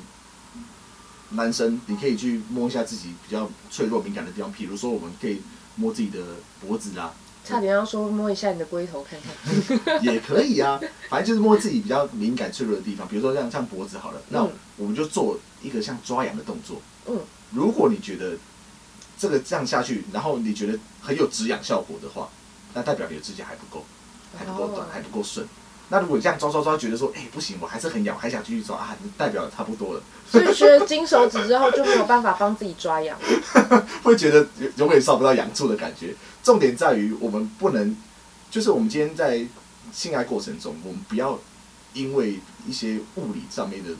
男生，你可以去摸一下自己比較脆弱敏感的地方，比如說，我們可以摸自己的脖子啦。差點要說摸一下你的龜頭看看。 *laughs* 也可以啊，反正就是摸自己比較敏感脆弱的地方，比如說像像脖子好了、嗯，那我們就做一個像抓癢的動作。嗯。如果你覺得這個這樣下去，然後你覺得很有止癢效果的話，那代表你的指甲還不夠，還不夠短，oh. 還不夠順。那如果你這樣抓抓抓，覺得說，哎，不行，我還是很癢，我還想繼續抓啊，代表差不多了。所以學了金手指之後就沒有辦法幫自己抓癢， *laughs* 會覺得永遠抓不到癢處的感覺。重點在於我們不能，就是我們今天在性愛過程中，我們不要因為一些物理上面的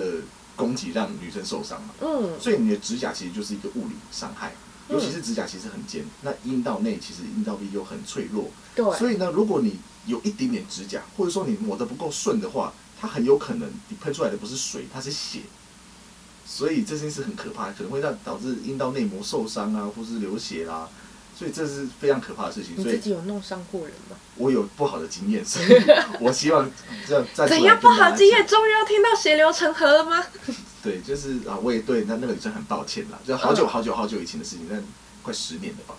的。攻擊讓女生受傷嘛？嗯，所以你的指甲其實就是一個物理傷害，尤其是指甲其實很尖。嗯、那陰道內其實陰道壁又很脆弱，對。所以呢，如果你有一點點指甲，或者說你磨的不夠順的話，它很有可能你噴出來的不是水，它是血。所以這件事很可怕，可能會讓導致陰道內膜受傷啊，或是流血啦、啊。所以這是非常可怕的事情。所以你自己有弄傷過人嗎？我有不好的經驗， *laughs* 所以我希望這樣再。怎樣不好的經驗，終於要聽到血流成河了嗎？ *laughs* 對，就是啊，我也對那那個女生很抱歉啦，就是、好久、啊、好久好久以前的事情，那快十年了吧。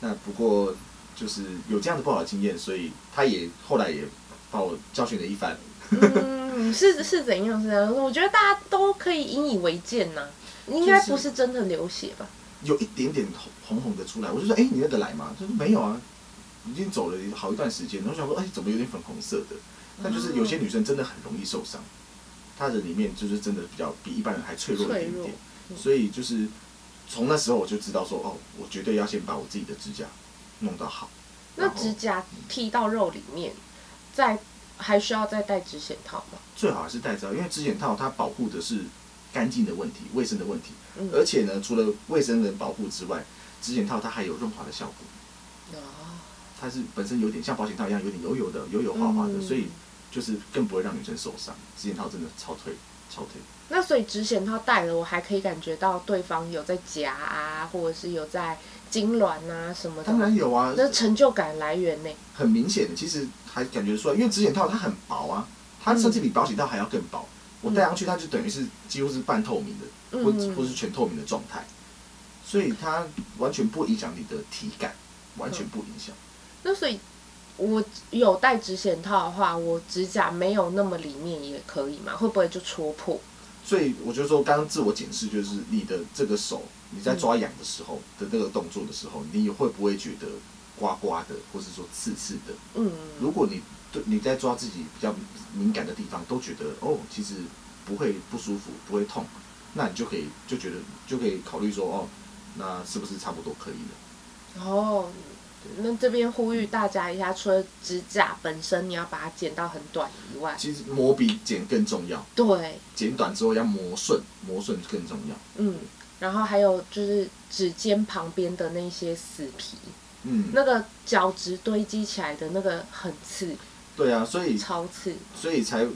那不過就是有這樣的不好的經驗，所以他也後來也把我教訓了一番。 *laughs* 嗯，是是怎樣？是怎樣是、啊？我覺得大家都可以引以為鑑呢、啊、應該不是真的流血吧？就是有一點點紅紅的出來，我就說：哎、欸，你那個來嗎？他說沒有啊，已經走了好一段時間。我想說，哎、欸，怎麼有點粉紅色的？但就是有些女生真的很容易受傷，她的裡面就是真的比較比一般人還脆弱一點點、脆弱、嗯。所以就是從那時候我就知道說：哦，我絕對要先把我自己的指甲弄到好。那指甲剃到肉裡面，嗯、再還需要再戴指險套嗎？最好還是戴着，因為指險套它保護的是。乾淨的問題，衛生的問題、嗯，而且呢，除了衛生的保護之外，指險套它還有潤滑的效果。哦，它是本身有點像保險套一樣，有點油油的，嗯、油油滑滑的，所以就是更不會讓女生受傷。指險套真的超推，超推。那所以指險套戴了，我還可以感覺到對方有在夾啊，或者是有在痙攣啊什麼的。當然有啊。那成就感來源呢？很明顯的，其實還感覺說，因為指險套它很薄啊，它甚至比保險套還要更薄。嗯我戴上去，它就等於是幾乎是半透明的，或或是全透明的狀態，所以它完全不影響你的體感，完全不影響。那所以，我有戴指險套的話，我指甲沒有那麼裡面也可以嗎？會不會就戳破？所以我覺得說，剛剛自我檢視就是你的這個手，你在抓癢的時候的那個動作的時候，你會不會覺得刮刮的，或是說刺刺的？嗯，如果你。對你在抓自己比較敏感的地方，都覺得哦，其實不會不舒服，不會痛，那你就可以就覺得就可以考慮說哦，那是不是差不多可以了？哦，那這邊呼籲大家一下，除了指甲本身你要把它剪到很短以外，其實磨比剪更重要。對，剪短之後要磨順，磨順更重要。嗯，然後還有就是指尖旁邊的那些死皮，嗯，那個角質堆積起來的那個很刺激。對啊，所以所以才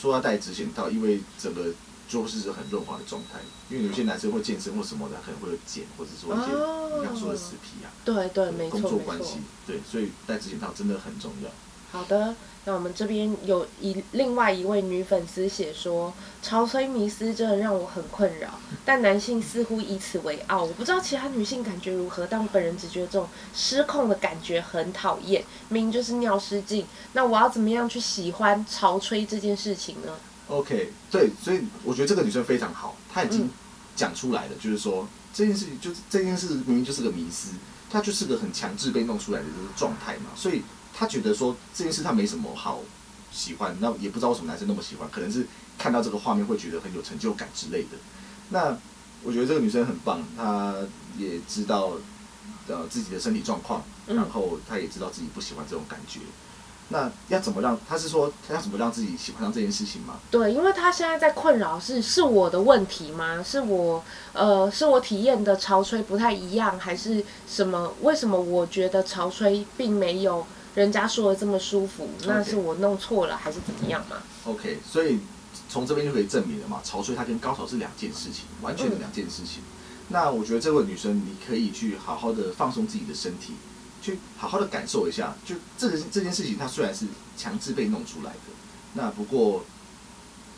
說要戴直行套，因為整個就是很潤滑的狀態。因為有些男生會健身或什麼的，可能會有繭，或者說一些你剛說的死皮啊。哦、對，對對，工作關係沒錯沒錯。對，所以戴直行套真的很重要。好的。那我們這邊有一另外一位女粉絲寫說，潮吹迷思真的讓我很困擾，但男性似乎以此為傲。我不知道其他女性感覺如何，但我本人只覺得這種失控的感覺很討厭，明明就是尿失禁。那我要怎麼樣去喜歡潮吹這件事情呢？OK，對，所以我覺得這個女生非常好，她已經講出來了，嗯，就是說這件事情就是這件事明明就是個迷思，她就是個很強制被弄出來的這個狀態嘛，所以。他覺得說，這件事他沒什麼好喜歡，那也不知道為什麼男生那麼喜歡，可能是看到這個畫面會覺得很有成就感之類的。那我覺得這個女生很棒，她也知道呃自己的身體狀況，然後她也知道自己不喜歡這種感覺。嗯，那要怎麼讓？她是說她要怎麼讓自己喜歡上這件事情嗎？對，因為她現在在困擾是是我的問題嗎？是我呃是我體驗的潮吹不太一樣，還是什麼？為什麼我覺得潮吹並沒有？人家說的這麼舒服，那是我弄錯了，okay. 還是怎麼樣嘛？OK，所以從這邊就可以證明了嘛，潮吹它跟高潮是兩件事情，完全的兩件事情，嗯。那我覺得這位女生，你可以去好好的放鬆自己的身體，去好好的感受一下。就這個這件事情，它雖然是強制被弄出來的，那不過，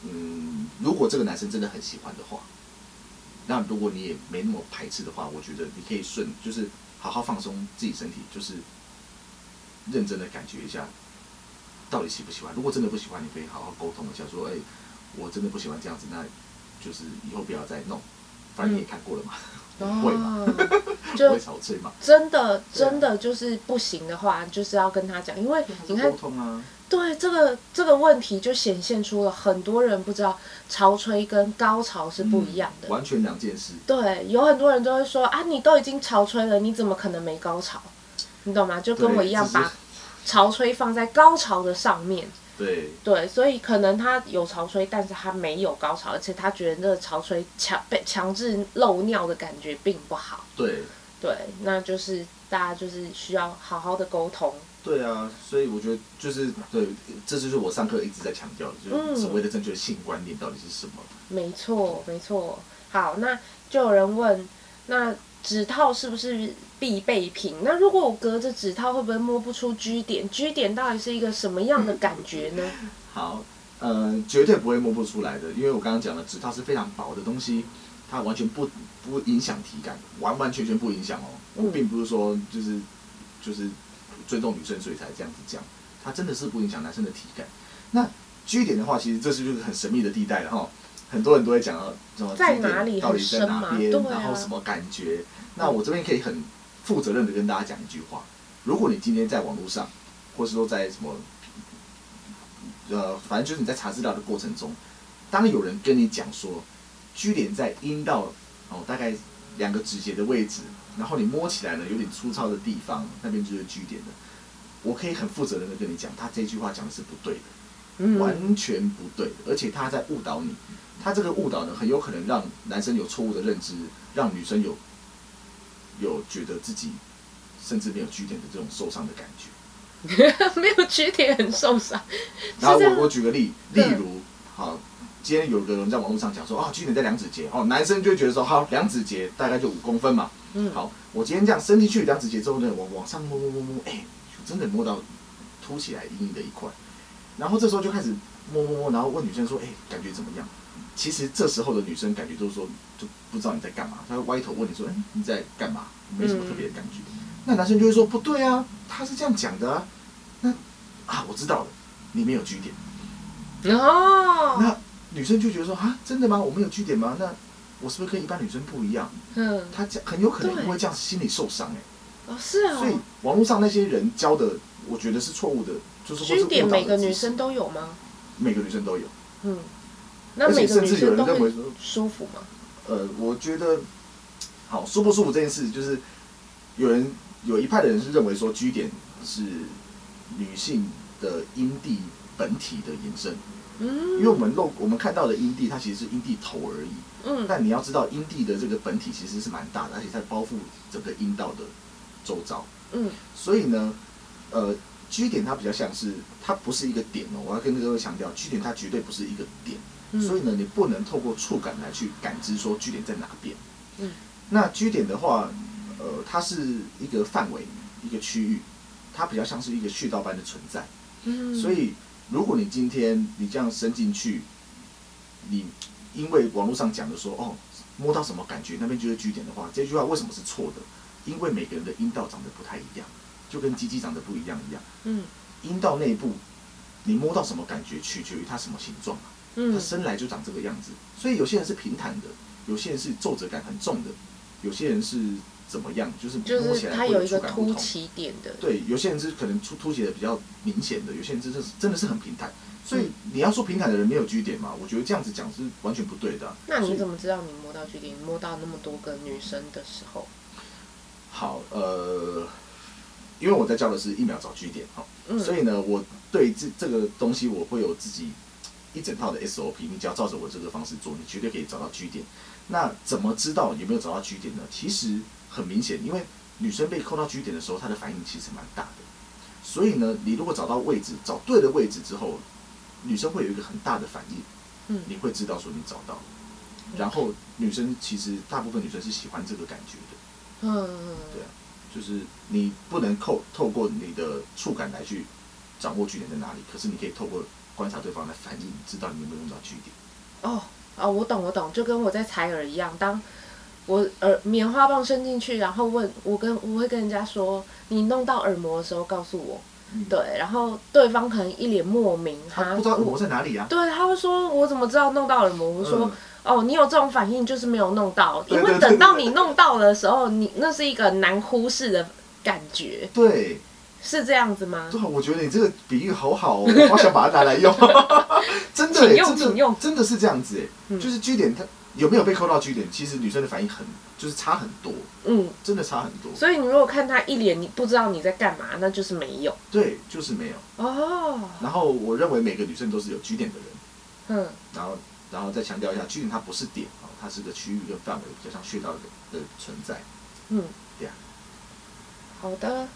嗯，如果這個男生真的很喜歡的話，那如果你也沒那麼排斥的話，我覺得你可以順，就是好好放鬆自己身體，就是。認真的感覺一下，到底喜不喜歡？如果真的不喜歡，你可以好好溝通一下，說：“哎、欸，我真的不喜歡這樣子，那就是以後不要再弄，反正你也看過了嘛，不、嗯、會嘛，啊、呵呵就潮吹嘛。”真的真的就是不行的話，就是要跟他講、啊，因為你看、溝通啊。對這個這個問題就顯現出了很多人不知道潮吹跟高潮是不一樣的，嗯、完全兩件事。對，有很多人都會說：“啊，你都已經潮吹了，你怎麼可能沒高潮？”你懂嗎？就跟我一樣，把潮吹放在高潮的上面。對對，所以可能他有潮吹，但是他沒有高潮，而且他覺得那個潮吹強被強制漏尿的感覺並不好。對對，那就是大家就是需要好好的溝通。對啊，所以我覺得就是對，這就是我上課一直在強調的，就是所謂的正確性觀念到底是什麼。嗯，沒錯，沒錯。好，那就有人問，那指套是不是必備品。那如果我隔着指套會不會摸不出 G 點 G 點到底是一個什麼樣的感覺呢、嗯？好，呃，絕對不會摸不出來的，因為我剛剛講的指套是非常薄的東西，它完全不不影響體感，完完全全不影響哦、喔嗯。我並不是說就是就是尊重女生所以才這樣子講，它真的是不影響男生的體感。那 G 點的話，其實這是就是很神秘的地帶了哈，很多人都會講到什麼在哪裡深、啊、到底在哪邊、啊，然後什麼感覺。那我這邊可以很。嗯負責任的跟大家講一句話：如果你今天在網絡上，或是說在什麼，呃，反正就是你在查資料的過程中，當有人跟你講說，G 點在陰道哦，大概兩個指節的位置，然後你摸起來呢有點粗糙的地方，那邊就是 G 點的，我可以很負責任的跟你講，他這句話講的是不對的，嗯嗯，完全不對的，而且他在誤導你，他這個誤導呢，很有可能讓男生有錯誤的認知，讓女生有。有覺得自己甚至沒有 G 點的這種受傷的感覺，沒有 G 點很受傷。然後我我舉個例，例如好，今天有個人在網絡上講說啊，G 點在兩指節哦，男生就會覺得說好，兩指節大概就五公分嘛。嗯，好，我今天這樣伸進去兩指節之後呢，往往上摸摸摸摸，哎，真的摸到凸起來硬硬的一塊。然後這時候就開始摸摸摸，然後問女生說：“哎、欸，感覺怎麼樣？”其實這時候的女生感覺都是說，就不知道你在幹嘛。她會歪頭問你說：“哎、嗯，你在幹嘛？”沒什麼特別的感覺、嗯。那男生就會說：“不對啊，他是這樣講的、啊。”那啊，我知道了，你沒有 G 點。哦。那女生就覺得說：“啊，真的嗎？我沒有 G 點嗎？那我是不是跟一般女生不一樣？”嗯。她講很有可能因為這樣，心理受傷哎、欸。哦，是啊。所以網絡上那些人教的，我覺得是錯誤的。就是居點，每個女生都有嗎？每個女生都有。嗯，那每個女生都有舒服嗎？呃，我覺得，好，舒不舒服這件事，就是有人有一派的人是認為說居點是女性的陰蒂本體的延伸。嗯，因為我們露我們看到的陰蒂，它其實是陰蒂頭而已。嗯，但你要知道陰蒂的這個本體其實是蠻大的，而且它包覆整個陰道的周遭。嗯，所以呢，呃。G 點它比較像是，它不是一個點哦，我要跟各位強調，G 點它絕對不是一個點，嗯、所以呢，你不能透過觸感來去感知說 G 點在哪邊。嗯，那 G 點的話，呃，它是一個範圍，一個區域，它比較像是一個穴道般的存在。嗯，所以如果你今天你這樣伸進去，你因為網絡上講的說，哦，摸到什麼感覺那邊就是 G 點的話，這句話為什麼是錯的？因為每個人的陰道長得不太一樣。就跟雞雞長得不一樣一樣，嗯，陰道內部你摸到什麼感覺，取決於它什麼形狀。嗯，它生來就長這個樣子，所以有些人是平坦的，有些人是皺褶感很重的，有些人是怎麼樣，就是摸起來就是它有一個凸起點的，對，有些人是可能出凸起的比較明顯的，有些人真的是真的是很平坦，嗯，所以你要說平坦的人沒有 G 點嘛？我覺得這樣子講是完全不對的啊。那你怎麼知道你摸到 G 點，你摸到那麼多個女生的時候？好，呃。因為我在教的是一秒找 G 點，哈、嗯，所以呢，我對這這個東西我會有自己一整套的 SOP。你只要照着我這個方式做，你絕對可以找到 G 點。那怎麼知道有沒有找到 G 點呢？其實很明顯，因為女生被扣到 G 點的時候，她的反應其實蠻大的。所以呢，你如果找到位置，找對了位置之後，女生會有一個很大的反應，你會知道說你找到了。嗯、然後女生其實大部分女生是喜歡這個感覺的，嗯，對啊。就是你不能透透過你的觸感來去掌握據點在哪裡，可是你可以透過觀察對方的反應，知道你有沒有用到據點。哦哦，我懂我懂，就跟我在採耳一樣，當我耳、呃、棉花棒伸進去，然後問我跟我會跟人家說，你弄到耳膜的時候告訴我、嗯，對，然後對方可能一臉莫名他，他不知道耳膜在哪裡呀、啊？對，他會說我怎麼知道弄到耳膜？我說。呃哦，你有這種反應，就是沒有弄到。對對對對，因為等到你弄到的時候，你那是一個難忽視的感覺。對，是這樣子嗎？對，我覺得你這個比喻好好哦，我好想把它拿來用。真的，真的用，真的是這樣子哎、欸嗯，就是 G 點，他有沒有被扣到 G 點，其實女生的反應很就是差很多。嗯，真的差很多。所以你如果看他一臉你不知道你在幹嘛，那就是沒有。對，就是沒有。哦。然後我認為每個女生都是有 G 點的人。嗯。然後。然後再強調一下，G 點它不是點哦，它是個區域跟範圍，就像穴道的的、呃、存在。嗯，對呀、啊。好的，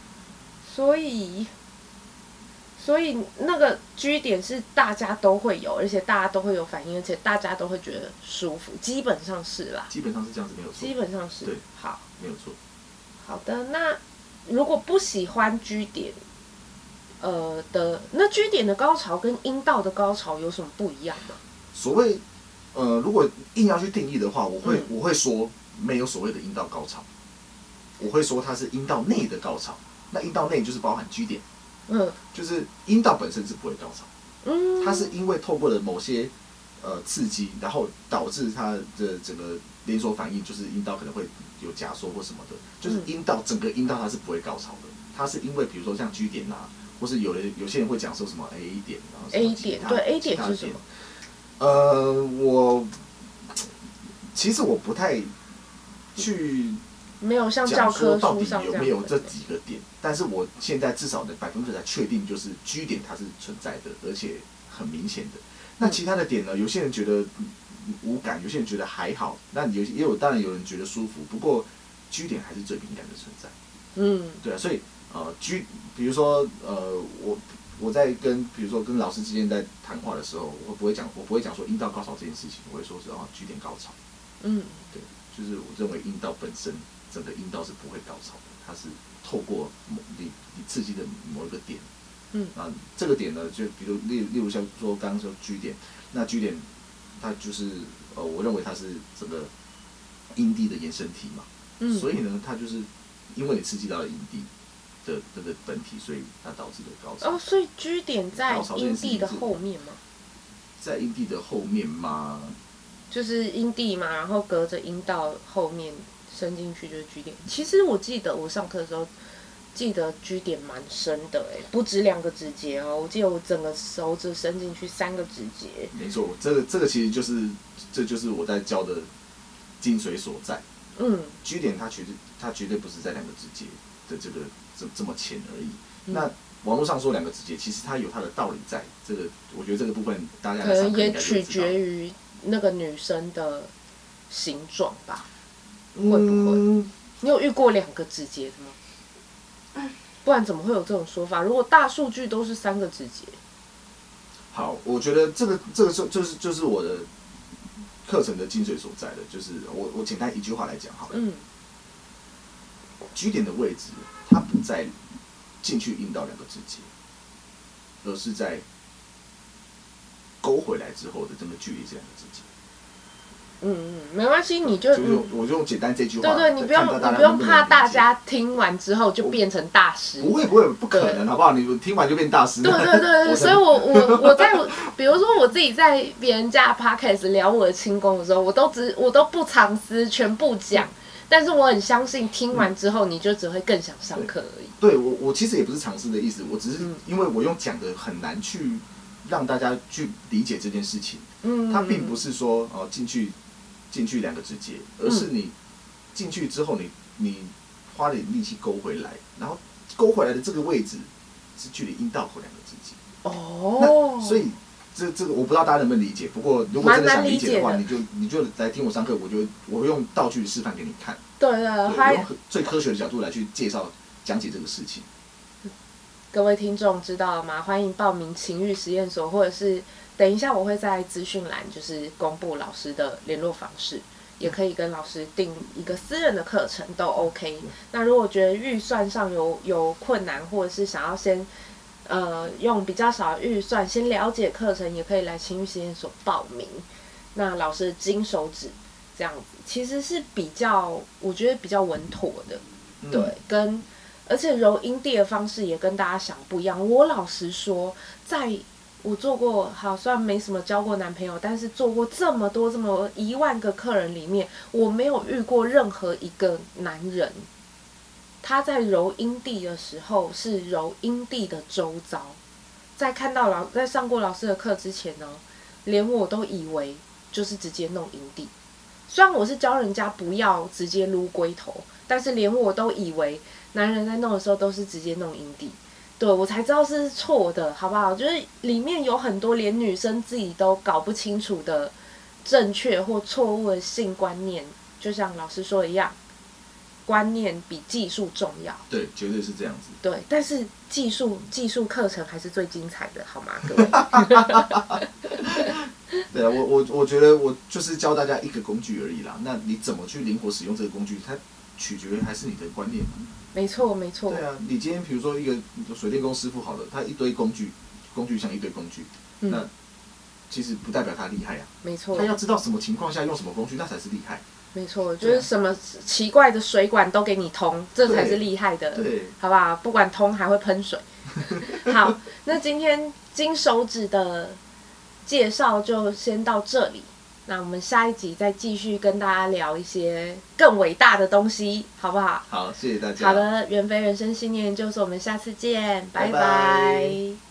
所以所以那個 G 點是大家都會有，而且大家都會有反應，而且大家都會覺得舒服，基本上是啦。基本上是這樣子，沒有錯。基本上是對，好，沒有錯。好的，那如果不喜歡 G 點，呃的那 G 點的高潮跟陰道的高潮有什麼不一樣嗎？所謂，呃，如果硬要去定義的話，我會我會說沒有所謂的陰道高潮，嗯，我會說它是陰道內的高潮。那陰道內就是包含 G 點，嗯，就是陰道本身是不會高潮，嗯，它是因為透過了某些呃刺激，然後導致它的整個連鎖反應，就是陰道可能會有夾縮或什麼的，嗯、就是陰道整個陰道它是不會高潮的，它是因為比如說像 G 點吶，啊，或是有人有些人會講說什麼 A 點啊，A 點，對，A 點是什麼？呃，我其實我不太去沒有像教科到底有沒有這幾個點，但是我現在至少的百分之百確定就是 G 點它是存在的，而且很明顯的。那其他的點呢？有些人覺得無感，有些人覺得還好。那有也有當然有人覺得舒服，不過 G 點還是最敏感的存在。嗯，對啊，所以呃 G 比如說呃我。我在跟比如說跟老師之間在談話的時候，我不會講我不會講說陰道高潮這件事情，我會說是啊，G 點高潮。嗯，對，就是我認為陰道本身整個陰道是不會高潮的，它是透過某你你刺激的某一個點。嗯，啊，這個點呢，就比如例例如像說剛剛說 G 點，那 G 點它就是呃，我認為它是整個陰蒂的延伸體嘛。嗯，所以呢，它就是因為你刺激到了陰蒂。的，的本體，所以它導致的高潮哦。所以居點在陰蒂的後面嗎？在陰蒂的後面嗎？就是陰蒂嘛，然後隔着陰道後面伸進去就是居點。其實我記得我上課的時候，記得居點蠻深的哎，不止兩個指節哦、啊。我記得我整個手指伸進去三個指節。沒錯，這個這個其實就是這就是我在教的精髓所在。嗯，居點它其實它絕對不是在兩個指節的這個，這這麼淺而已，嗯、那網絡上說兩個指節，其實它有它的道理在，在這個，我覺得這個部分大家個可能也取決於那個女生的形狀吧，會不會？嗯、你有遇過兩個指節的嗎？不然怎麼會有這種說法？如果大數據都是三個指節，好，我覺得這個這個就就是就是我的課程的精髓所在的就是我我簡單一句話來講好了。嗯虛點的位置，他不在進去陰道兩個字節，而是在勾回來之後的這麼距離這樣的字節。嗯嗯，沒關係，你就我，我就用簡單這句話。對對，對，你不用你不，不用怕大家聽完之後就變成大師。不會不會，不可能，好不好？你聽完就變大師。對對對對， *laughs* 所以我我我在比如說我自己在別人家的 podcast 聊我的輕功的時候，我都只我都不嘗試全部講。嗯但是我很相信，聽完之後你就只會更想上課而已、嗯對。對，我我其實也不是嘗試的意思，我只是因為我用講的很難去讓大家去理解這件事情。嗯,嗯,嗯，它並不是說哦進、啊、去進去兩個指節，而是你進去之後你、嗯，你你花了點力氣勾回來，然後勾回來的這個位置是距離陰道口兩個指節。哦，那所以。這這個我不知道大家能不能理解，不過如果真的想理解的話，的你就你就來聽我上課，我就我用道具示範給你看。對對，對，對，對，歡迎最科學的角度來去介紹講解這個事情。各位聽眾知道了嗎？歡迎報名情欲實驗所，或者是等一下我會在資訊欄就是公布老師的聯絡方式，嗯、也可以跟老師訂一個私人的課程都 OK、嗯。那如果覺得預算上有有困難，或者是想要先。呃，用比較少的預算先了解課程，也可以來勤玉體驗所報名。那老師金手指這樣子，其實是比較，我覺得比較穩妥的、嗯，對，跟而且揉陰蒂的方式也跟大家想不一樣。我老實說，在我做過，好雖然沒什麼交過男朋友，但是做過這麼多這麼一萬個客人裡面，我沒有遇過任何一個男人，他在揉陰蒂的時候是揉陰蒂的周遭，在看到老在上過老師的課之前呢，連我都以為就是直接弄陰蒂。雖然我是教人家不要直接擼龜頭，但是連我都以為男人在弄的時候都是直接弄陰蒂，對，我才知道是錯的，好不好？就是裡面有很多連女生自己都搞不清楚的正確或錯誤的性觀念，就像老師說的一樣。觀念比技術重要。對，絕對是這樣子。對，但是技術技術課程還是最精彩的，好嗎？各位 *laughs* 對啊，我我我覺得我就是教大家一個工具而已啦。那你怎麼去靈活使用這個工具？它取決還是你的觀念。沒錯，沒錯。對啊，你今天比如說一個水電工師傅好了，他一堆工具，工具箱一堆工具，嗯、那其實不代表他厲害啊。沒錯。他要知道什麼情況下用什麼工具，那才是厲害。沒錯，就是什麼奇怪的水管都給你通，這才是厲害的，對，好不好？不管通還會噴水。 *laughs* 好，那今天金手指的介紹就先到這裡，那我們下一集再繼續跟大家聊一些更偉大的東西，好不好？好，謝謝大家。好的，袁非人生信念，就是我們下次見，拜拜。拜拜。